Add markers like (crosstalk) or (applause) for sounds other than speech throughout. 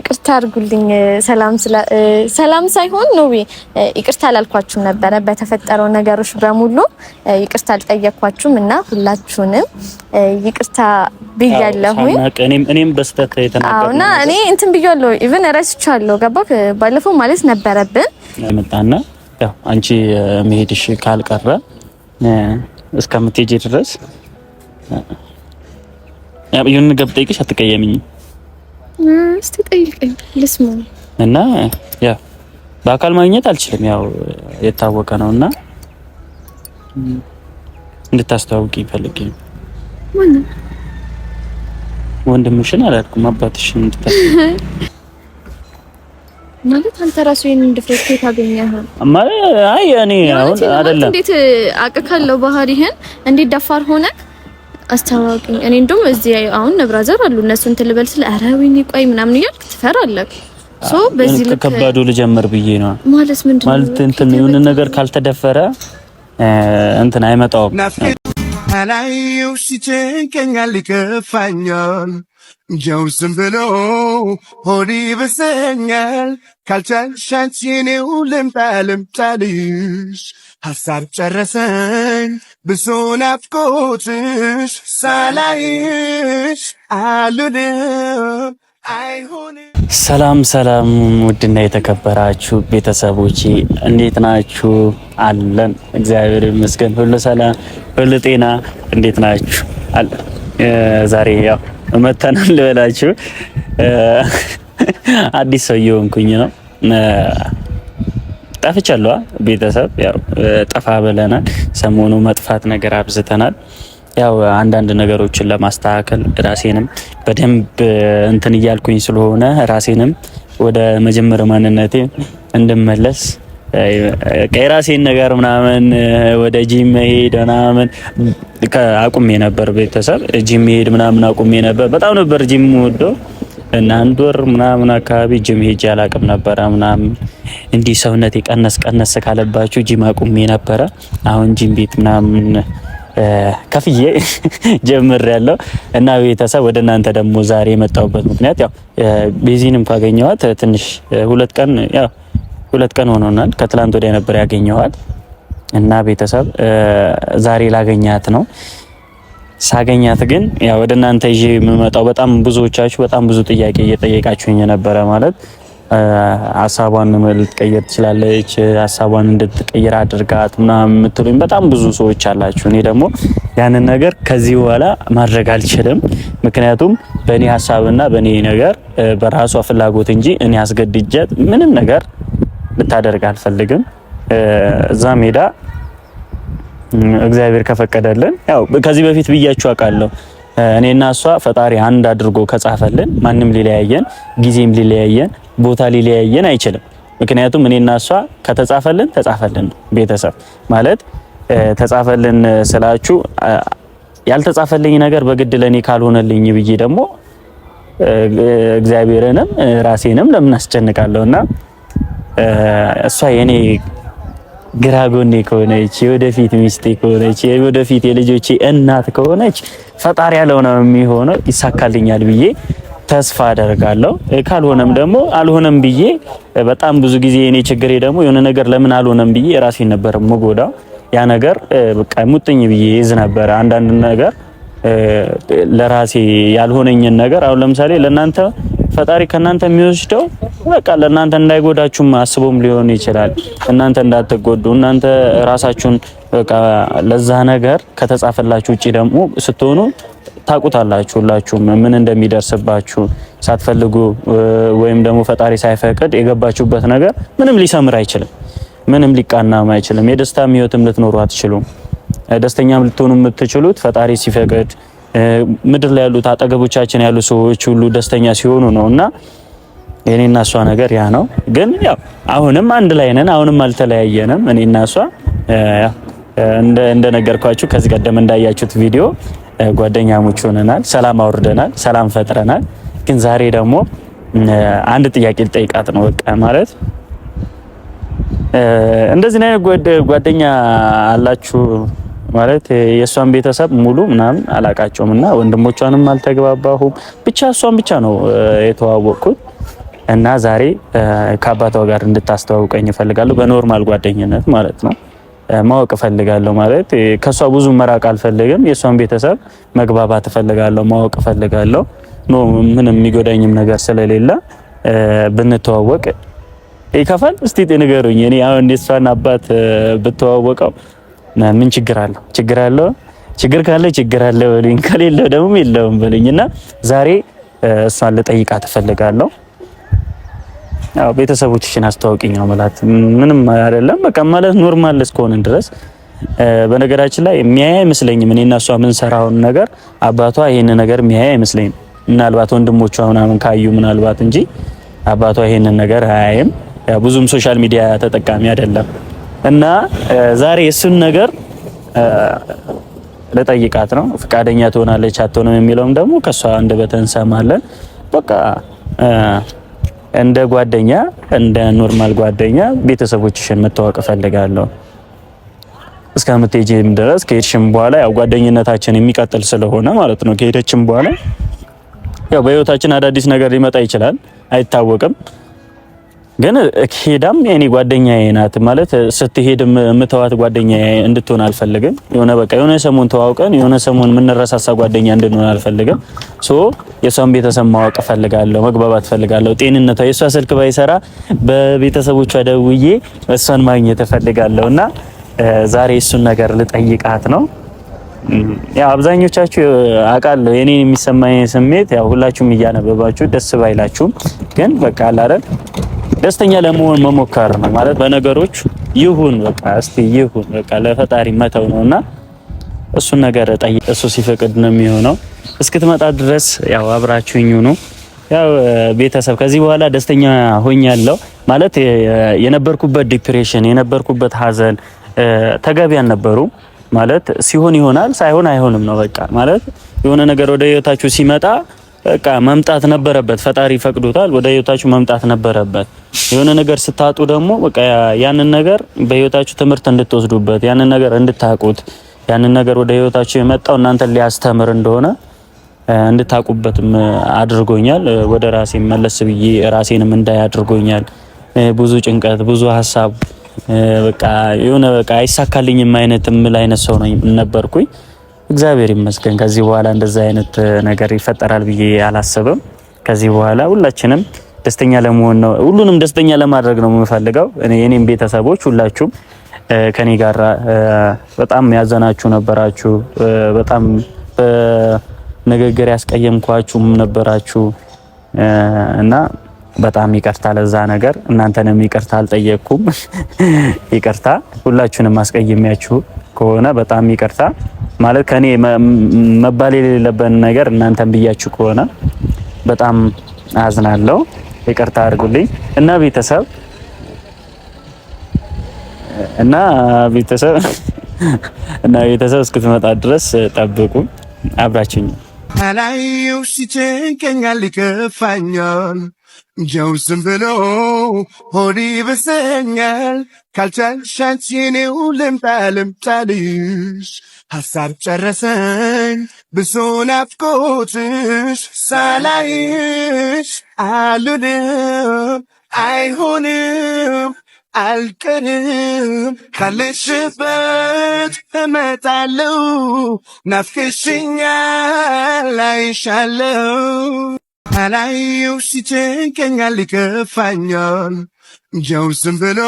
ይቅርታ አድርጉልኝ። ሰላም ሰላም ሳይሆን ነው ይቅርታ አላልኳችሁም ነበረ። በተፈጠረው ነገሮች በሙሉ ይቅርታ አልጠየኳችሁም እና ሁላችሁንም ይቅርታ ብያለሁኝ። እኔም እኔም በስተት የተናገርኩና እኔ እንትን ብያለሁ። ኢቭን እረስቻለሁ። ገባክ? ባለፈው ማለት ነበረብን መጣና ያው አንቺ መሄድሽ ካልቀረ እስከምትሄጂ ድረስ ያው ይሁን ገብጠይቅሽ አትቀየምኝም እስቲ ጠይቀኝ ልስማ። እና ያ በአካል ማግኘት አልችልም፣ ያው የታወቀ ነው። እና እንድታስተዋውቅ ይፈልግ ወንድምሽን አላልኩም፣ አባትሽን እንድታስተዋውቂ ማለት አንተ ራሱ ይሄንን ድፍረት ታገኛህ ማለት አይ እኔ አሁን አይደለም እንዴት አቅካለው ባህሪህን እንዴት ደፋር ሆነህ አስታዋቂኝ እኔ እንደውም እዚህ አሁን ነብራዘር አሉ እነሱ እንትን ልበል ስለ ኧረ ወይኔ ቆይ ምናምን እያልክ ትፈራለህ። ሶ በዚህ ልክ ከባዱ ልጀምር ብዬ ነው ማለት ምንድን ነው ማለት እንትን የሆነ ነገር ካልተደፈረ እንትን አይመጣውም። አላየው ሲጨንቀኛል ይከፋኛል፣ እንዲያው ዝም ብሎ ሆዴ ይብሰኛል። ካልቻልሽ አንቺ እኔው ልምጣ ልምጣልሽ ሀሳብ ጨረሰኝ ብሶ ናፍቆትሽ ሳላይሽ አሉንም አይሆንም። ሰላም ሰላም፣ ውድና የተከበራችሁ ቤተሰቦቼ እንዴት ናችሁ? አለን እግዚአብሔር ይመስገን፣ ሁሉ ሰላም፣ ሁሉ ጤና። እንዴት ናችሁ? አለን ዛሬ ያው መተናል ልበላችሁ፣ አዲስ ሰው እየሆንኩኝ ነው ጠፍቻለሁ። ቤተሰብ ያው ጠፋ ብለናል። ሰሞኑ መጥፋት ነገር አብዝተናል። ያው አንዳንድ ነገሮችን ለማስተካከል ራሴንም በደንብ እንትን እያልኩኝ ስለሆነ ራሴንም ወደ መጀመር ማንነቴ እንድመለስ የራሴን ነገር ምናምን ወደ ጂም መሄድ ምናምን አቁሜ ነበር። ቤተሰብ ጂም መሄድ ምናምን አቁሜ ነበር። በጣም ነበር ጂም ወዶ እና አንድ ወር ምናምን አካባቢ ጅም ሄጄ አላቅም ነበረ ምናምን እንዲህ ሰውነት ቀነስ ቀነስ ካለባችሁ ጅም አቁሜ ነበረ። አሁን ጅም ቤት ምናምን ከፍዬ (laughs) ጀምር ያለው እና ቤተሰብ ወደ እናንተ ደግሞ ዛሬ የመጣሁበት ምክንያት ያው ቤዚንም ካገኘዋት ትንሽ ሁለት ቀን ያው ሁለት ቀን ሆኖናል። ከትላንት ወዲያ ነበር ያገኘዋት እና ቤተሰብ ዛሬ ላገኛት ነው ሳገኛት ግን ያው ወደ እናንተ ይዤ የምመጣው በጣም ብዙዎቻችሁ በጣም ብዙ ጥያቄ እየጠየቃችሁኝ የነበረ ማለት ሀሳቧን ልትቀይር ትችላለች፣ ሀሳቧን እንድትቀይር አድርጋት ምናምን የምትሉኝ በጣም ብዙ ሰዎች አላችሁ። እኔ ደግሞ ያንን ነገር ከዚህ በኋላ ማድረግ አልችልም። ምክንያቱም በእኔ ሀሳብና በእኔ ነገር በራሷ ፍላጎት እንጂ እኔ አስገድጃት ምንም ነገር ልታደርግ አልፈልግም። እዛ ሜዳ እግዚአብሔር ከፈቀደልን ያው ከዚህ በፊት ብያችሁ አውቃለሁ። እኔና እሷ ፈጣሪ አንድ አድርጎ ከጻፈልን ማንም ሊለያየን፣ ጊዜም ሊለያየን፣ ቦታ ሊለያየን አይችልም። ምክንያቱም እኔና እሷ ከተጻፈልን ተጻፈልን ቤተሰብ ማለት ተጻፈልን ስላችሁ ያልተጻፈልኝ ነገር በግድ ለኔ ካልሆነልኝ ብዬ ደግሞ እግዚአብሔርንም ራሴንም ለምን አስጨንቃለሁ እና እሷ የኔ ግራ ጎኔ ከሆነች የወደፊት ሚስቴ ከሆነች የወደፊት የልጆቼ እናት ከሆነች ፈጣሪ ያለው ነው የሚሆነው። ይሳካልኛል ብዬ ተስፋ አደርጋለሁ። ካልሆነም ደግሞ አልሆነም ብዬ በጣም ብዙ ጊዜ እኔ ችግሬ ደግሞ የሆነ ነገር ለምን አልሆነም ብዬ ራሴን ነበር የምጎዳው። ያ ነገር በቃ ሙጥኝ ብዬ ይዝ ነበረ። አንዳንድ ነገር ለራሴ ያልሆነኝን ነገር አሁን ለምሳሌ ለእናንተ ፈጣሪ ከእናንተ የሚወስደው በቃ ለእናንተ እንዳይጎዳችሁም አስቦም ሊሆን ይችላል። እናንተ እንዳትጎዱ እናንተ ራሳችሁን በቃ ለዛ ነገር ከተጻፈላችሁ ውጪ ደግሞ ስትሆኑ ታቁታላችሁ ሁላችሁም ምን እንደሚደርስባችሁ ሳትፈልጉ ወይም ደግሞ ፈጣሪ ሳይፈቅድ የገባችሁበት ነገር ምንም ሊሰምር አይችልም። ምንም ሊቃናም አይችልም። የደስታም ህይወትም ልትኖሩ አትችሉም። ደስተኛም ልትሆኑ የምትችሉት ፈጣሪ ሲፈቅድ ምድር ላይ ያሉት አጠገቦቻችን ያሉ ሰዎች ሁሉ ደስተኛ ሲሆኑ ነው እና የኔና እሷ ነገር ያ ነው። ግን ያው አሁንም አንድ ላይ ነን፣ አሁንም አልተለያየንም። እኔና እሷ እንደነገርኳችሁ ከዚህ ቀደም እንዳያችሁት ቪዲዮ ጓደኛሞች ሆነናል፣ ሰላም አውርደናል፣ ሰላም ፈጥረናል። ግን ዛሬ ደግሞ አንድ ጥያቄ ልጠይቃት ነው። በቃ ማለት እንደዚህ ነው ጓደኛ አላችሁ ማለት የእሷን ቤተሰብ ሙሉ ምናምን አላቃቸውም እና ወንድሞቿንም አልተግባባሁም። ብቻ እሷን ብቻ ነው የተዋወቅኩት እና ዛሬ ከአባቷ ጋር እንድታስተዋውቀኝ እፈልጋለሁ። በኖርማል ጓደኝነት ማለት ነው ማወቅ እፈልጋለሁ። ማለት ከእሷ ብዙ መራቅ አልፈልግም። የእሷን ቤተሰብ መግባባት እፈልጋለሁ፣ ማወቅ እፈልጋለሁ። ኖ ምንም የሚጎዳኝም ነገር ስለሌለ ብንተዋወቅ ይከፋል። እስቲ ንገሩኝ እኔ አሁን የእሷን አባት ብተዋወቀው ና ምን ችግር አለው? ችግር አለው ችግር ካለ ችግር አለ በሉኝ፣ ከሌለው ደግሞ የለውም በሉኝ እና ዛሬ እሷን ልጠይቃት እፈልጋለሁ። ያው ቤተሰቦችሽን አስተዋውቂኝ ነው ማለት ምንም አይደለም። በቃ ማለት ኖርማል እስከሆንን ድረስ በነገራችን ላይ የሚያይ አይመስለኝም። እኔ እና እሷ የምንሰራውን ነገር አባቷ ይሄን ነገር የሚያይ አይመስለኝም። ምናልባት ወንድሞቿ ምናምን ካዩ ምናልባት እንጂ አባቷ ይሄንን ነገር አያይም። ብዙም ሶሻል ሚዲያ ተጠቃሚ አይደለም። እና ዛሬ እሱን ነገር ለጠይቃት ነው። ፍቃደኛ ትሆናለች አትሆንም የሚለውም ደግሞ ከሷ አንደበት እንሰማለን። በቃ እንደ ጓደኛ እንደ ኖርማል ጓደኛ ቤተሰቦችሽን መተዋወቅ እፈልጋለሁ እስከምትሄጂም ድረስ ከሄድሽም በኋላ ያው ጓደኝነታችን የሚቀጥል ስለሆነ ማለት ነው። ከሄደችም በኋላ ያው በህይወታችን አዳዲስ ነገር ሊመጣ ይችላል፣ አይታወቅም ግን ሄዳም የኔ ጓደኛዬ ናት ማለት ስትሄድ የምተዋት ጓደኛዬ እንድትሆን አልፈልግም። የሆነ በቃ የሆነ ሰሞን ተዋውቀን የሆነ ሰሞን የምንረሳሳ ጓደኛ እንድንሆን አልፈልግም። ሶ ቤተሰብ ማወቅ እፈልጋለሁ፣ መግባባት እፈልጋለሁ። ጤንነቷ የእሷ ስልክ ባይሰራ በቤተሰቦቿ ደውዬ እሷን ማግኘት እፈልጋለሁ እና ዛሬ እሱን ነገር ልጠይቃት ነው። ያው አብዛኞቻችሁ አውቃለሁ የኔን የሚሰማኝ ስሜት ያው ሁላችሁም እያነበባችሁ ደስ ባይላችሁም ግን በቃ አላረን ደስተኛ ለመሆን መሞከር ነው ማለት በነገሮች ይሁን በቃ እስቲ ይሁን በቃ ለፈጣሪ መተው ነውና እሱን ነገር ጠይቅ። እሱ ሲፈቅድ ነው የሚሆነው። እስክትመጣ ድረስ ያው አብራችሁኝ ሁኑ። ያው ቤተሰብ ከዚህ በኋላ ደስተኛ ሆኛለሁ ማለት የነበርኩበት ዲፕሬሽን የነበርኩበት ሀዘን ተገቢ አልነበሩም ማለት ሲሆን ይሆናል ሳይሆን አይሆንም ነው በቃ ማለት የሆነ ነገር ወደ ህይወታችሁ ሲመጣ በቃ መምጣት ነበረበት። ፈጣሪ ፈቅዶታል። ወደ ህይወታችሁ መምጣት ነበረበት። የሆነ ነገር ስታጡ ደግሞ በቃ ያንን ነገር በህይወታችሁ ትምህርት እንድትወስዱበት፣ ያንን ነገር እንድታቁት፣ ያንን ነገር ወደ ህይወታችሁ የመጣው እናንተ ሊያስተምር እንደሆነ እንድታቁበትም አድርጎኛል። ወደ ራሴ መለስ ብዬ ራሴንም እንዳይ አድርጎኛል። ብዙ ጭንቀት፣ ብዙ ሀሳብ በቃ የሆነ በቃ አይሳካልኝም አይነትም ላይነት ሰው ነበርኩኝ። እግዚአብሔር ይመስገን። ከዚህ በኋላ እንደዛ አይነት ነገር ይፈጠራል ብዬ አላሰብም። ከዚህ በኋላ ሁላችንም ደስተኛ ለመሆን ነው፣ ሁሉንም ደስተኛ ለማድረግ ነው የምፈልገው። የኔም ቤተሰቦች ሁላችሁም ከኔ ጋር በጣም ያዘናችሁ ነበራችሁ፣ በጣም በንግግር ያስቀየምኳችሁም ነበራችሁ እና በጣም ይቅርታ ለዛ ነገር። እናንተንም ይቅርታ አልጠየቅኩም፣ (laughs) ይቅርታ ሁላችሁንም አስቀየሚያችሁ ከሆነ በጣም ይቅርታ ማለት ከኔ መባል የሌለበት ነገር እናንተን ብያችሁ ከሆነ በጣም አዝናለሁ። ይቅርታ አድርጉልኝ እና ቤተሰብ እና ቤተሰብ እና ቤተሰብ እስክትመጣ ድረስ ጠብቁ፣ አብራችሁኝ አላየሁሽ ሲጨንቀኛል ይከፋኛል እንደው ዝም ብሎ ሆዴ ይብሰኛል ካልቻልሽ አንቺ እኔው ልምጣ ልምጣልሽ ሐሳብ ጨረሰኝ ብዙ ናፍቆትሽ ሳላይሽ አልልም አይሆንም አልቀርም ካለሽበት እመጣለሁ ናፍቅሽኛል አይሻለሁ ካላየው ሲጨንቀኛል ይከፋኛል እንጀው ዝም ብሎ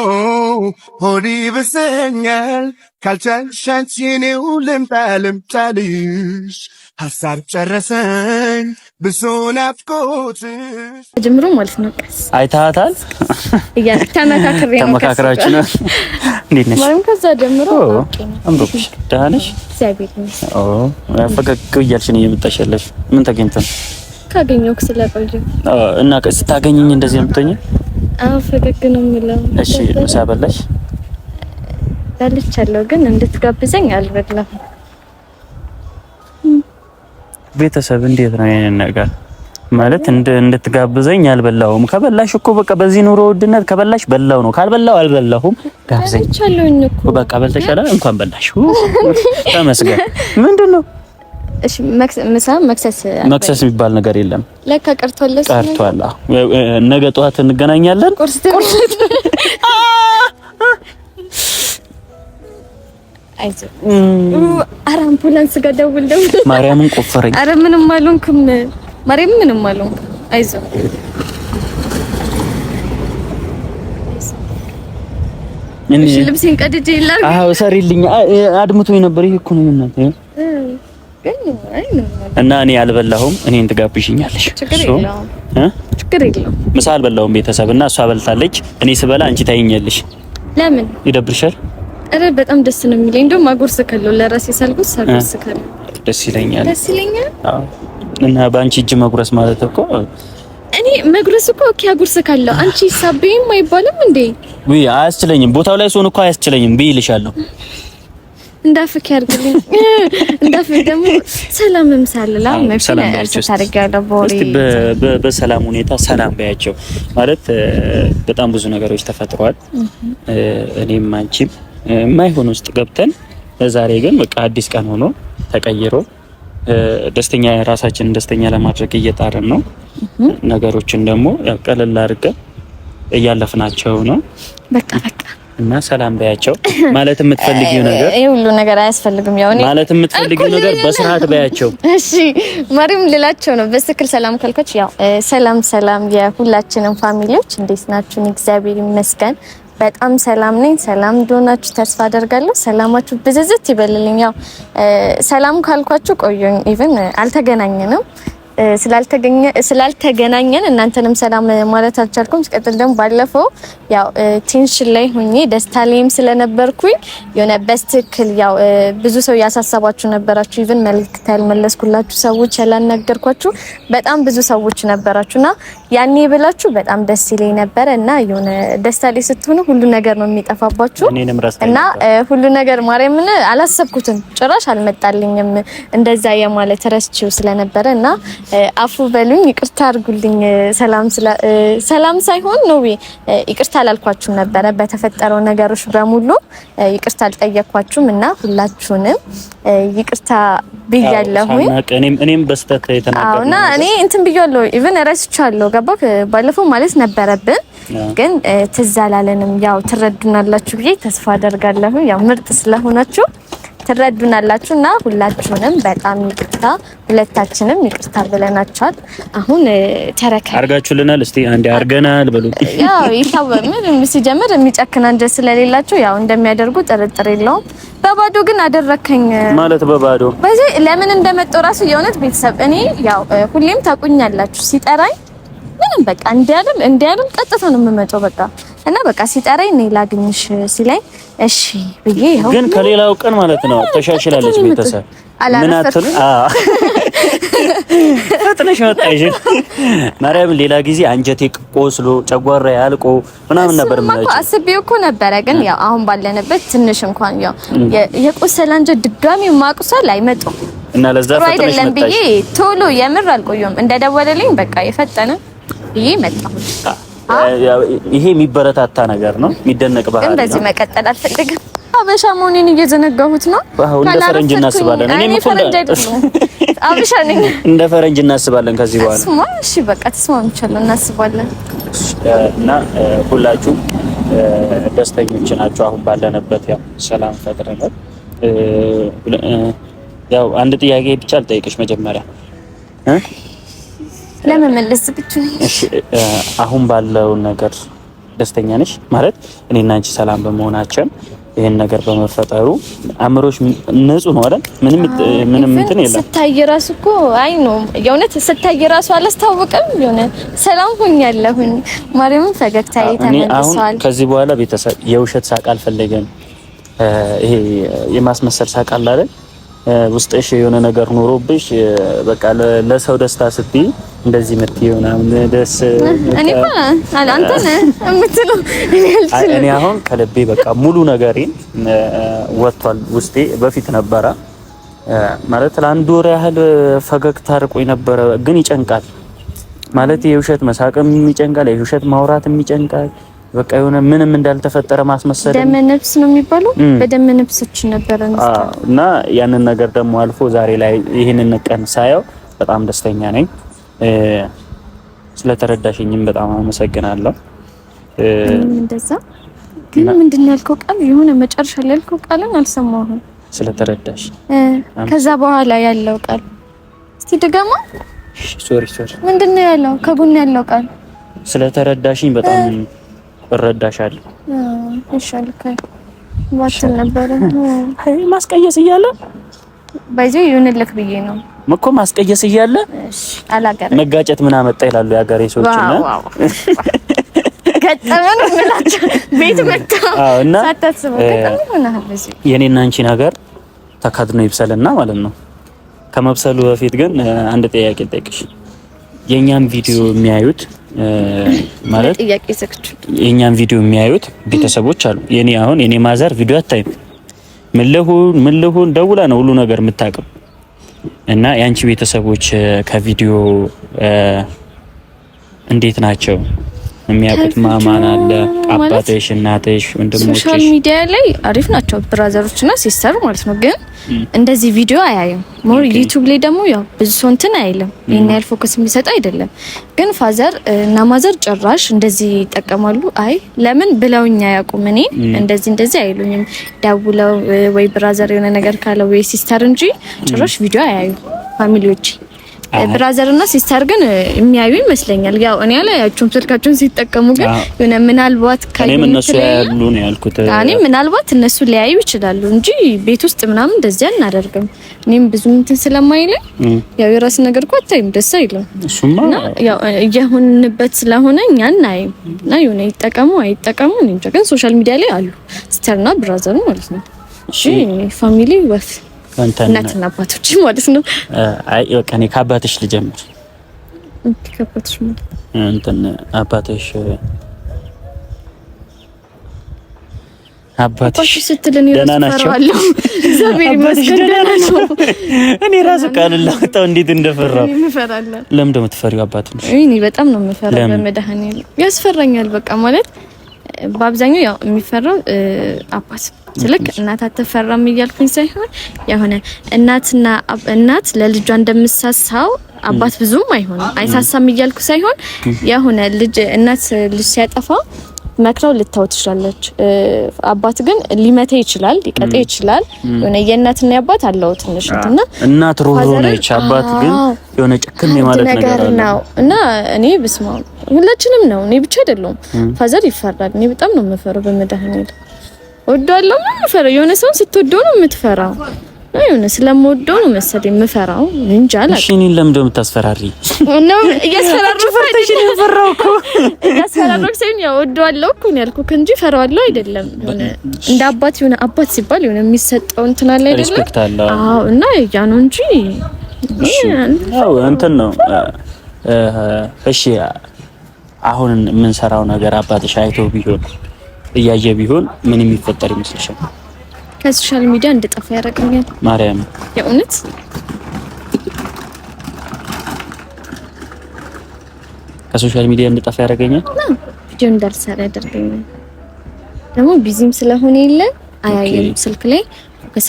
ሆዴ ይበሰኛል ካልቻልሽ አንቺ እኔው ልምጣ ልምጣልሽ ሀሳብ ጨረሰኝ ብሶ ናፍቆትሽ ጀምሮ ማለት ነው። ቀስ አይታታል ተመካክሬ ተመካክራችሁ ነው እንዴት ነሽ? ከዛ ጀምሮ አምሮብሽ ደህና ነሽ? እግዚአብሔር ይመስገን። ፈገግ እያልሽ እየመጣሽ ያለሽ ምን ተገኝተን ካገኘሁ ስለቆየ እና ስታገኘኝ እንደዚህ ነው የምትሆኚ? አዎ ፈገግ ነው የምለው። እሺ ምሳ በላሽ? በልቻለሁ፣ ግን እንድትጋብዘኝ አልበላም። ቤተሰብ እንዴት ነው ይሄንን ነገር ማለት እንድትጋብዘኝ አልበላሁም። ከበላሽ እኮ በቃ በዚህ ኑሮ ውድነት ከበላሽ በላው ነው፣ ካልበላው አልበላሁም። ጋብዘኝ። በቃ በልተሻለ። እንኳን በላሽ። ተመስገን። ምንድን ነው መክሰስ መክሰስ የሚባል ነገር የለም። ለካ ቀርቷል ቀርቷል። ነገ ጠዋት እንገናኛለን። ቁርስ ኧረ አምቡላንስ ጋር ደውል ደውል። ማርያምን ቆፈረኝ። ኧረ ምንም አልሆንኩም። ማርያምን ምንም አልሆንኩም። አይዞህ ልብሴን ቀድጄ ይላል። አዎ ሰሪልኝ። አድምቶኝ ነበር። ይሄ እኮ ነው እና እኔ አልበላሁም። እኔን ትጋብዥኛለሽ? ችግር የለውም። ምሳ አልበላሁም ቤተሰብ እና እሷ በልታለች። እኔ ስበላ አንቺ ታይኛለሽ። ለምን ይደብርሻል? አረ በጣም ደስ ነው የሚለኝ። እንደውም አጎርስ ካለው ለራሴ ሳልጎስ ሳልጎስ ካለው ደስ ይለኛል፣ ደስ ይለኛል። እና በአንቺ እጅ መጉረስ ማለት እኮ እኔ መጉረስ እኮ ኦኬ፣ አጉርስ ካለው አንቺ ሳበይም አይባልም እንዴ? ወይ አያስችለኝም። ቦታው ላይ ስሆን እኮ አያስችለኝም ብዬ እልሻለሁ እንዳፍክ ያርግልኝ። እንዳፍክ ደግሞ ሰላም ምሳልላ በሰላም ሁኔታ ሰላም በያቸው ማለት በጣም ብዙ ነገሮች ተፈጥሯል። እኔም አንቺም የማይሆን ውስጥ ገብተን ዛሬ ግን በቃ አዲስ ቀን ሆኖ ተቀይሮ ደስተኛ ራሳችንን ደስተኛ ለማድረግ እየጣርን ነው። ነገሮችን ደግሞ ቀለል አድርገን እያለፍናቸው ነው። በቃ በቃ እና ሰላም በያቸው። ማለት የምትፈልጊው ነገር ይሄ ሁሉ ነገር አያስፈልግም። ያው እኔ ማለት የምትፈልጊው ነገር በስርዓት በያቸው። እሺ ማርያም ልላቸው ነው። በስክል ሰላም ካልኮች ያው ሰላም ሰላም፣ የሁላችንም ፋሚሊዎች እንዴት ናችሁን? እግዚአብሔር ይመስገን በጣም ሰላም ነኝ። ሰላም እንደሆናችሁ ተስፋ አደርጋለሁ። ሰላማችሁ ብዝዝት ይበልልኝ። ያው ሰላም ካልኳችሁ ቆዩኝ። ኢቭን አልተገናኘንም ስላልተገናኘን እናንተንም ሰላም ማለት አልቻልኩም። ሲቀጥል ደግሞ ባለፈው ያው ቴንሽን ላይ ሆኜ ደስታ ላይም ስለነበርኩኝ የሆነ በስትክክል ያው ብዙ ሰው ያሳሰባችሁ ነበራችሁ። ኢቭን መልእክት ያልመለስኩላችሁ ሰዎች ያላናገርኳችሁ በጣም ብዙ ሰዎች ነበራችሁ እና ያኔ ብላችሁ በጣም ደስ ይለኝ ነበረ እና የሆነ ደስታ ላይ ስትሆኑ ሁሉ ነገር ነው የሚጠፋባችሁ እና ሁሉ ነገር ማርያምን አላሰብኩትም፣ ጭራሽ አልመጣልኝም እንደዛ የማለት ረስችው ስለነበረ እና አፉ በሉኝ፣ ይቅርታ አድርጉልኝ። ሰላም ሳይሆን ነው ይቅርታ አላልኳችሁም ነበረ። በተፈጠረው ነገሮች በሙሉ ይቅርታ አልጠየኳችሁም እና ሁላችሁንም ይቅርታ ብያለሁኝ። እኔም በስተት የተናገርኩና እኔ እንትን ብያለሁ። ኢቭን እረስቻለሁ። ገባክ? ባለፈው ማለት ነበረብን ግን ትዝ አላለንም። ያው ትረዱናላችሁ ብዬ ተስፋ አደርጋለሁ። ያው ምርጥ ስለሆናችሁ ትረዱናላችሁ እና ሁላችሁንም በጣም ይቅርታ፣ ሁለታችንም ይቅርታ ብለናችኋል። አሁን ተረከ አርጋችሁልናል። እስቲ አንዴ አርገናል በሉ። ያው ይታወም ሲጀምር የሚጨክን አንጀት ስለሌላችሁ ያው እንደሚያደርጉ ጥርጥር የለውም። በባዶ ግን አደረከኝ ማለት በባዶ በዚህ ለምን እንደመጣሁ ራሱ የእውነት ቤተሰብ እኔ ያው ሁሌም ታቁኛላችሁ ሲጠራኝ ምንም በቃ እንዲያልም እንዲያልም ቀጥታ ነው የምመጣው በቃ እና በቃ ሲጠራኝ እኔ ላግኝሽ ሲለኝ እሺ ብዬ ይኸው። ግን ከሌላው ቀን ማለት ነው ተሻሽላለች። ቤተሰብ ምን አትል ፈጥነሽ መጣሽ ማርያም። ሌላ ጊዜ አንጀቴ ቆስሎ ጨጓራ ያልቆ ምናምን ነበር ማለት ነው። አስቤው እኮ ነበረ፣ ግን ያው አሁን ባለንበት ትንሽ እንኳን ያው የቆሰለ አንጀት ድጋሚ ማቁሰል አይመጡም እና ለዛ ፈጥነሽ መጣሽ አይደለም ብዬ ቶሎ የምር አልቆየሁም። እንደደወለልኝ በቃ የፈጠነ ብዬ መጣሁ። ይሄ የሚበረታታ ነገር ነው፣ የሚደነቅ ባህል ነው። በዚህ መቀጠል አልፈልግም። አበሻ መሆኔን እየዘነጋሁት ነው። እንደ ፈረንጅ እናስባለን። እኔም እኮ አበሻ ነኝ። እንደ ፈረንጅ እናስባለን። ከዚህ በኋላ ስማ፣ እሺ፣ በቃ ተስማምቻለሁ። እናስባለን እና ሁላችሁ ደስተኞች ናቸው። አሁን ባለንበት ያው ሰላም ፈጥረናል። ያው አንድ ጥያቄ ብቻ ልጠይቅሽ መጀመሪያ ለመመለስ ብቻ አሁን ባለው ነገር ደስተኛ ነሽ ማለት እኔና አንቺ ሰላም በመሆናችን ይህን ነገር በመፈጠሩ አእምሮሽ ንጹህ ነው አይደል? ምንም ምንም እንትን የለም። ስታይ ራሱ እኮ አይ ነው የእውነት ስታይ ራሱ አላስታውቅም። የሆነ ሰላም ሆኛለሁኝ። ማርያምን ፈገግታዬ ተመልሷል። ከዚህ በኋላ ቤተሰብ የውሸት ሳቅ አልፈለገም። ይሄ የማስመሰል ሳቅ አለ አይደል? ውስጥሽ የሆነ ነገር ኖሮብሽ በቃ ለሰው ደስታ ስትይ እንደዚህ ምት ይሆና ደስ እኔ እኔ አሁን ከልቤ በቃ ሙሉ ነገሬን ወጥቷል። ውስጤ በፊት ነበረ ማለት ለአንድ ወር ያህል ፈገግታ አርቆ ነበረ፣ ግን ይጨንቃል ማለት የውሸት መሳቅም ይጨንቃል፣ የውሸት ማውራትም ይጨንቃል። በቃ የሆነ ምንም እንዳልተፈጠረ ማስመሰል ደም ነፍስ ነው የሚባለው። በደመ ነፍሶች ነበረ እና ያንን ነገር ደግሞ አልፎ ዛሬ ላይ ይህንን ቀን ሳየው በጣም ደስተኛ ነኝ። ስለተረዳሽኝም በጣም አመሰግናለሁ። እንደዛ ግን ምንድን ያልከው ቃል የሆነ መጨረሻ ላይ ያልከው ቃልን አልሰማሁም። ስለተረዳሽ ከዛ በኋላ ያለው ቃል እስቲ ድገማ። ሶሪ ሶሪ፣ ምንድን ነው ያለው? ከጎን ያለው ቃል ስለተረዳሽኝ በጣም እረዳሻለሁ። ማስቀየስ እያለ በዚህ ይሁንልክ ብዬ ነው እኮ ማስቀየስ እያለ መጋጨት ምን አመጣ ይላሉ የሀገሬ ሰዎች እና ገጠመን ምላቸው ቤት መጣ እና የኔና አንቺ ነገር ተካድኖ ይብሰልና ማለት ነው። ከመብሰሉ በፊት ግን አንድ ጥያቄ ጠይቅሽ የኛም ቪዲዮ የሚያዩት ማለት የእኛን ቪዲዮ የሚያዩት ቤተሰቦች አሉ። የኔ አሁን የኔ ማዘር ቪዲዮ አታይም። ምልሁን ምልሁን ደውላ ነው ሁሉ ነገር የምታውቅም። እና የአንቺ ቤተሰቦች ከቪዲዮ እንዴት ናቸው? የሚያውቁት ማማን አለ፣ አባትሽ፣ እናትሽ፣ ወንድሞች ሶሻል ሚዲያ ላይ አሪፍ ናቸው ብራዘሮች እና ሲስተር ማለት ነው። ግን እንደዚህ ቪዲዮ አያዩም። ሞር ዩቲዩብ ላይ ደግሞ ያው ብዙ ሰው እንትን አይልም፣ ይሄን ያህል ፎከስ የሚሰጥ አይደለም። ግን ፋዘር እና ማዘር ጭራሽ እንደዚህ ይጠቀማሉ። አይ ለምን ብለውኛ አያውቁም። እኔ እንደዚህ እንደዚህ አይሉኝም። ደውለው ወይ ብራዘር የሆነ ነገር ካለው ወይ ሲስተር እንጂ ጭራሽ ቪዲዮ አያዩ ፋሚሊዎች ብራዘር እና ሲስተር ግን የሚያዩ ይመስለኛል። ያው እኔ አላያችሁም ስልካችሁን ሲጠቀሙ፣ ግን የሆነ ምናልባት እኔም እነሱ ያሉ ነው ያልኩት። እኔም ምናልባት እነሱ ሊያዩ ይችላሉ እንጂ ቤት ውስጥ ምናምን እንደዚህ አናደርግም። እኔም ብዙ እንትን ስለማይለኝ ያው የራስ ነገር እኮ አታይም፣ ደስ አይልም። እሱማ ያው እየሆንበት ስለሆነ እኛ እናይም እና የሆነ ይጠቀሙ አይጠቀሙ እንጂ ግን ሶሻል ሚዲያ ላይ አሉ እና ብራዘር ማለት ነው። እሺ ፋሚሊ ወፍ እናትና አባቶች ማለት ነው። አይ በቃ እኔ ከአባትሽ ልጀምር። አባትሽ አባትሽ ደህና ናቸው። እግዚአብሔር ይመስገን ደህና እኔ ራሱ ቃል ላውጣው እንዴት ለምን እኔ በጣም ነው የምፈራው። ያስፈራኛል። በቃ ማለት በአብዛኛው ያው የሚፈራው አባት ትልቅ እናት አትፈራም እያልኩኝ ሳይሆን የሆነ እናትና እናት ለልጇ እንደምሳሳው አባት ብዙም አይሆንም አይሳሳም እያልኩ ሳይሆን የሆነ ልጅ እናት ልጅ ሲያጠፋ መክረው ልታው ትችላለች። አባት ግን ሊመታ ይችላል፣ ሊቀጣ ይችላል። የሆነ የእናትና የአባት አለው ትንሽ እንትና እናት ሮሮ ነች፣ አባት ግን የሆነ ጭክን የማለት ነገር ነው እና እኔ ብስማ ሁላችንም ነው እኔ ብቻ አይደለሁም። ፋዘር ይፈራል። እኔ በጣም ነው የምፈራው በመድኃኒዓለም ወዷለሁ ነው የምፈራው። የሆነ ሰውን ስትወደው ነው የምትፈራው። የሆነ ስለምወደው ነው መሰለኝ የምፈራው። እንጃ አላውቅም። እሺ እኔን ለምን እንደው የምታስፈራሪ ነው? እያስፈራሩ ፈርተሽ ነው የምፈራው እኮ እያስፈራሩ ሳይሆን ያው ወዷለሁ እኮ ነው ያልኩህ እንጂ ፈራዋለሁ አይደለም። የሆነ እንደ አባት የሆነ አባት ሲባል የሆነ የሚሰጠው እንትን አለ አይደለም? ሪስፔክት አለ። አዎ። እና ያ ነው እንጂ ያው እንትን ነው። እሺ አሁን የምንሰራው ነገር አባትሽ አይቶ ቢሆን እያየ ቢሆን ምን የሚፈጠር ይመስልሻል? ከሶሻል ሚዲያ እንደጠፋ ያደርገኛል። ማርያም የእውነት ከሶሻል ሚዲያ እንደጠፋ ያደርገኛል። ቪዲዮ እንዳልሰራ ያደርገኛል። ደግሞ ቢዚም ስለሆነ የለ አያየም፣ ስልክ ላይ ፎከስ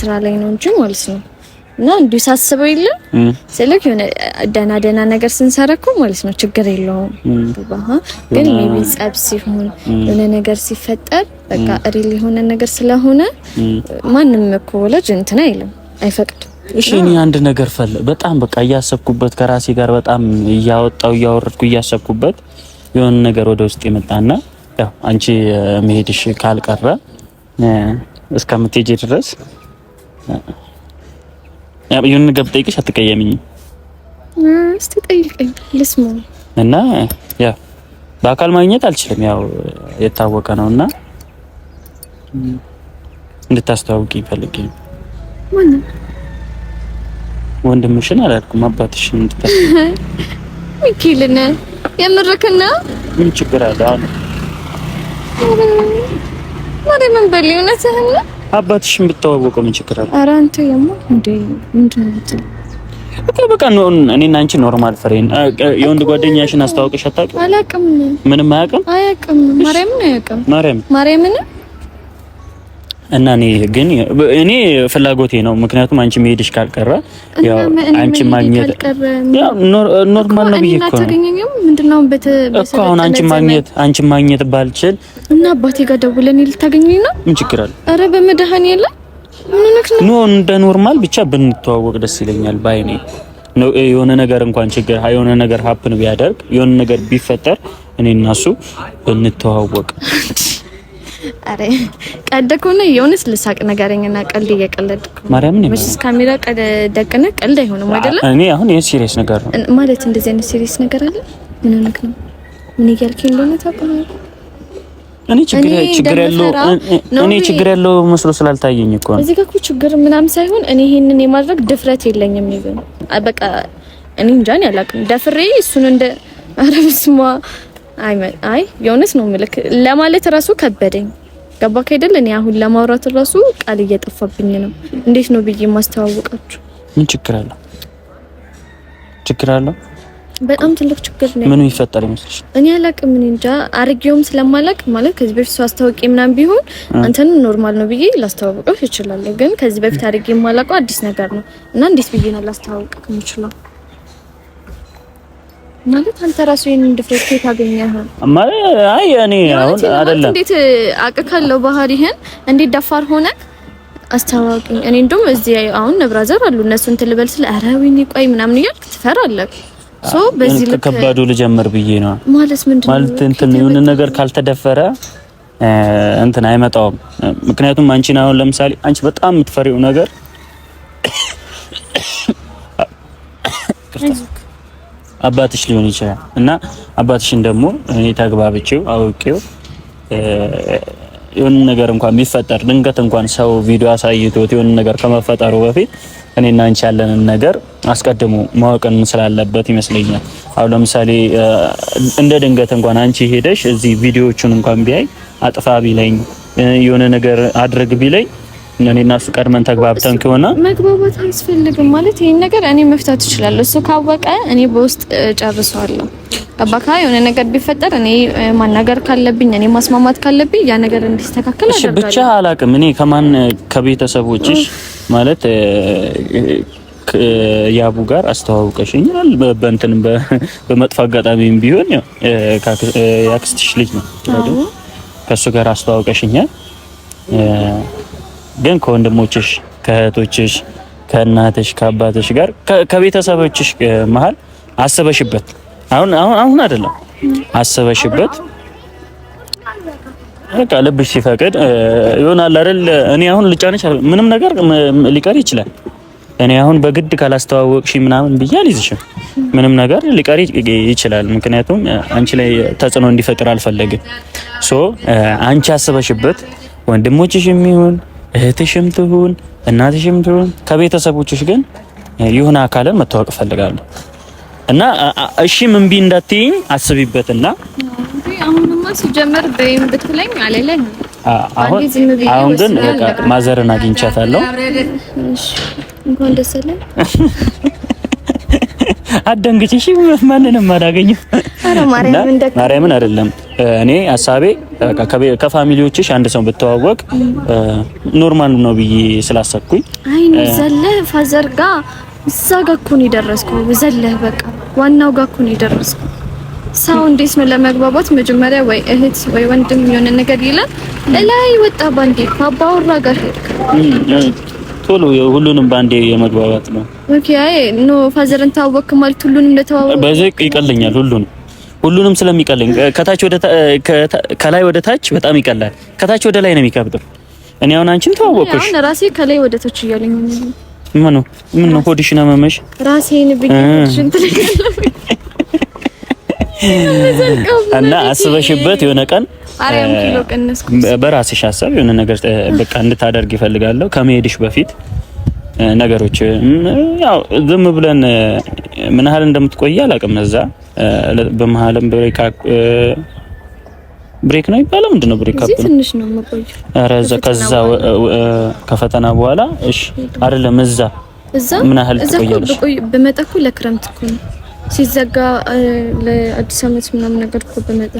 ስራ ላይ ነው እንጂ ማለት ነው። እና እንዲሁ ሳስበው የለም ስልክ የሆነ ደህና ደህና ነገር ስንሰራ እኮ ማለት ነው ችግር የለውም። ግን ሜቢ ጸብ ሲሆን የሆነ ነገር ሲፈጠር በቃ ሪል የሆነ ነገር ስለሆነ ማንም እኮ ወላጅ እንትን አይልም አይፈቅድም። እሺ እኔ አንድ ነገር ፈል በጣም በቃ እያሰብኩበት ከራሴ ጋር በጣም እያወጣው እያወረድኩ እያሰብኩበት የሆነ ነገር ወደ ውስጥ የመጣና ያው አንቺ መሄድሽ ካልቀረ እስከምትሄጂ ድረስ የሆነ ነገር ብጠይቅሽ አትቀየምኝ? እስቲ ጠይቀኝ ልስሙ እና ያ በአካል ማግኘት አልችልም፣ ያው የታወቀ ነው። እና እንድታስተዋውቂ ይፈልግ ማንም ወንድምሽን አላልኩም፣ አባትሽን እንድታስተዋውቂ ሚኪልን። (laughs) የምርክና ምን ችግር አለ አሁን? ማርያምን በል እውነትህን ነው አባትሽን ብትዋወቀው ምን ችግር አለ? ኧረ አንተ እንዴ ምንድነው የምትለው? እኮ በቃ ነው እኔና አንቺ ኖርማል ፍሬን የወንድ ጓደኛሽን አስተዋውቀሽ አታውቂም? አላውቅም። ምንም አያውቅም? አያውቅም። ማርያምን አያውቅም። ማርያምን ማርያምን እና እኔ ግን እኔ ፍላጎቴ ነው። ምክንያቱም አንቺ መሄድሽ ካልቀረ ያው አንቺ ማግኘት ያው ኖርማል ነው ብዬ እኮ ነው። እኮ አሁን አንቺ ማግኘት አንቺ ማግኘት ባልችል እና አባቴ ጋር ደውለን ልታገኘኝ ነው። ምን ችግር አለ? አረ በመድኃኒዓለም ኖ እንደ ኖርማል ብቻ ብንተዋወቅ ደስ ይለኛል ባይኔ ነኝ። የሆነ ነገር እንኳን ችግር የሆነ ነገር ሀፕን ቢያደርግ የሆነ ነገር ቢፈጠር እኔ እናሱ ብንተዋወቅ አረ ቀደኩ ነው የሆነስ ልሳቅ ነገረኝና ቀልድ እየቀለድኩ ማርያም ነው ምንስ ካሜራ ቀደ ቀደቀነ ቀልድ አይሆንም አይደለ? እኔ አሁን ይሄ ሲሪየስ ነገር ነው ማለት እንደዚህ አይነት ሲሪየስ ነገር አለ። ምን ሆነክ ነው? ምን እያልከኝ እንደሆነ ታውቃለህ? እኔ ችግር ችግር ያለው እኔ ችግር ያለው መስሎ ስላልታየኝ እኮ ነው። እዚህ ጋር እኮ ችግር ምናምን ሳይሆን እኔ ይሄንን የማድረግ ድፍረት የለኝም። ይብን በቃ እኔ እንጃን ያላቅም ደፍሬ እሱን እንደ አረብስማ አይ የእውነት ነው ምልክ ለማለት ራሱ ከበደኝ። ገባክ አይደል? እኔ አሁን ለማውራት ራሱ ቃል እየጠፋብኝ ነው። እንዴት ነው ብዬ ማስተዋወቃችሁ? ምን ችግር አለ? ችግር አለ? በጣም ትልቅ ችግር ነው። ምን ይፈጠር ይመስልሽ? እኔ አላቅም። ምን እንጃ አርጌውም ስለማላቅ ማለት ከዚህ በፊት ሰው አስታውቂ ምናምን ቢሆን አንተን ኖርማል ነው ብዬ ላስተዋውቀው ይችላል። ግን ከዚህ በፊት አርጌ የማላውቀው አዲስ ነገር ነው እና እንዴት ብዬ ነው ላስተዋውቅ የምችለው? ማለት አንተ ራሱ ይሄን ድፍረት ከየት አገኘኸው? ማለት አይ እኔ አሁን አይደለም። እንዴት አቅ ካለው ባህሪህን እንዴት ደፋር ሆነህ አስተዋወቅኝ። እኔ እንደውም እዚህ አሁን ነብራ ዘር አሉ እነሱ እንትን ልበል ስለ ኧረ ወይኔ ቆይ ምናምን እያልክ ትፈራለህ። ሶ በዚህ ልክ ከባዱ ልጀምር ብዬ ነው ማለት ምንድነው ማለት እንትን የሆነ ነገር ካልተደፈረ እንትን አይመጣውም። ምክንያቱም አንቺን አሁን ለምሳሌ አንቺ በጣም የምትፈሪው ነገር አባትሽ ሊሆን ይችላል እና አባትሽን ደግሞ እኔ ተግባብቼው አውቄው የሆነ ነገር እንኳን ቢፈጠር ድንገት እንኳን ሰው ቪዲዮ አሳይቶት የሆነ ነገር ከመፈጠሩ በፊት እኔና አንቺ ያለንን ነገር አስቀድሞ ማወቅን ስላለበት ይመስለኛል። አሁን ለምሳሌ እንደ ድንገት እንኳን አንቺ ሄደሽ እዚህ ቪዲዮዎቹን እንኳን ቢያይ አጥፋ ቢለኝ የሆነ ነገር አድርግ ቢለኝ እኔ እና እሱ ቀድመን ተግባብተን ከሆነ መግባባት አያስፈልግም ማለት ይሄን ነገር እኔ መፍታት እችላለሁ። እሱ ካወቀ እኔ በውስጥ ጨርሰዋለሁ። አባካ የሆነ ነገር ቢፈጠር እኔ ማናገር ካለብኝ እኔ ማስማማት ካለብኝ ያ ነገር እንዲስተካከል አደርጋለሁ። ብቻ አላቅም እኔ ከማን ከቤተሰቦችሽ ማለት ያቡ ጋር አስተዋውቀሽኛል። በእንትን በመጥፎ አጋጣሚም ቢሆን ያክስትሽ ልጅ ነው ከሱ ጋር አስተዋውቀሽኛል። ግን ከወንድሞችሽ፣ ከእህቶችሽ፣ ከእናትሽ፣ ከአባትሽ ጋር ከቤተሰቦችሽ መሀል አስበሽበት አሁን አሁን አሁን አይደለም አስበሽበት በቃ ልብሽ ሲፈቅድ ይሆናል አይደል? እኔ አሁን ልጫነሽ ምንም ነገር ሊቀር ይችላል። እኔ አሁን በግድ ካላስተዋወቅሽ ምናምን ብዬ አልይዝሽም። ምንም ነገር ሊቀር ይችላል። ምክንያቱም አንቺ ላይ ተጽዕኖ እንዲፈጥር አልፈለግም። ሶ አንቺ አስበሽበት ወንድሞችሽ የሚሆን እህትሽም ትሁን እናትሽም ትሁን ከቤተሰቦችሽ ግን ይሁን አካልን መታወቅ እፈልጋለሁ እና እሺም እምቢ እንዳትይኝ አስቢበትና አሁን አሁን ግን ማዘርን አግኝቻታለሁ። እንኳን ደስ አለህ። (laughs) አትደንግጪ። እሺ ማንንም አላገኘሁም። ማርያምን አይደለም እኔ ሀሳቤ ከፋሚሊዎችሽ አንድ ሰው ብተዋወቅ ኖርማል ነው ብዬ ስላሰብኩኝ፣ አይ ዘለህ ፋዘር ጋ እዛ ጋ እኮ ነው የደረስኩ። ዘለህ በቃ ዋናው ጋ እኮ ነው የደረስኩ። ሰው እንዴት ነው ለመግባባት መጀመሪያ ወይ እህት ወይ ወንድም የሆነ ነገር ይላል። ላይ ወጣ ባንዴ አባወራ ጋር ሄድክ። ቶሎ ሁሉንም ባንዴ የመግባባት ነው። ኦኬ አይ ኖ ፋዘርን ታወቅክ ማለት ሁሉንም ለተዋወቅ በዚህ ይቀልኛል ሁሉንም ሁሉንም ስለሚቀልኝ ከታች ወደ ከላይ ወደ ታች በጣም ይቀላል። ከታች ወደ ላይ ነው የሚከብደው። እኔ አሁን አንቺን ተዋወቅኩሽ። አሁን ራሴ ከላይ ወደ ታች እያለኝ ምን ነው ምን ነው ሆድሽን አመመሽ? ራሴን ቢገኝሽን እና አስበሽበት የሆነ ቀን በራስሽ ሀሳብ የሆነ ነገር በቃ እንድታደርግ ይፈልጋለሁ ከመሄድሽ በፊት ነገሮች ያው ዝም ብለን ምን ያህል እንደምትቆይ አላውቅም እዛ በመሀልም ብሬክ ብሬክ ነው ይባላል። ምንድን ነው ብሬክ አፕ ነው? ነው ከዛ ከፈተና በኋላ እሺ፣ አይደለም እዛ እዛ ምን ያህል ትቆያለሽ? በመጣ እኮ ለክረምት እኮ ነው ሲዘጋ ለአዲስ ዓመት ምናምን ነገር እኮ በመጣ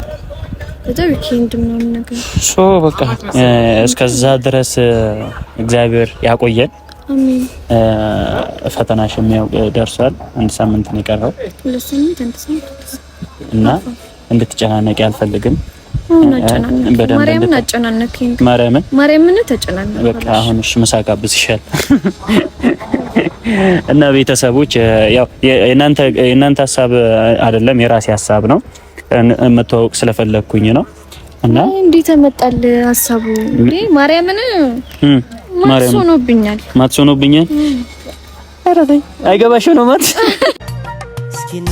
ወደ ዊኬንድ ምናምን ነገር ሶ በቃ እስከዛ ድረስ እግዚአብሔር ያቆየን። ፈተናሽ ደርሷል። አንድ ሳምንት ነው የቀረው እና እንድትጨናነቂ አልፈልግም። ማርያምን ማርያምን ማርያምን በቃ አሁን እሺ ምሳ ጋብዝሻል (laughs) እና ቤተሰቦች ያው የእናንተ የእናንተ ሀሳብ አይደለም የራሴ ሀሳብ ነው። መተዋወቅ ስለፈለግኩኝ ነው እና እንዴት ተመጣል ሀሳቡ ማርያምን ማርያም ሆኖብኛል፣ ማትስ ሆኖብኛል። ኧረ ተይ አይገባሽ ነው ማትስ እስኪ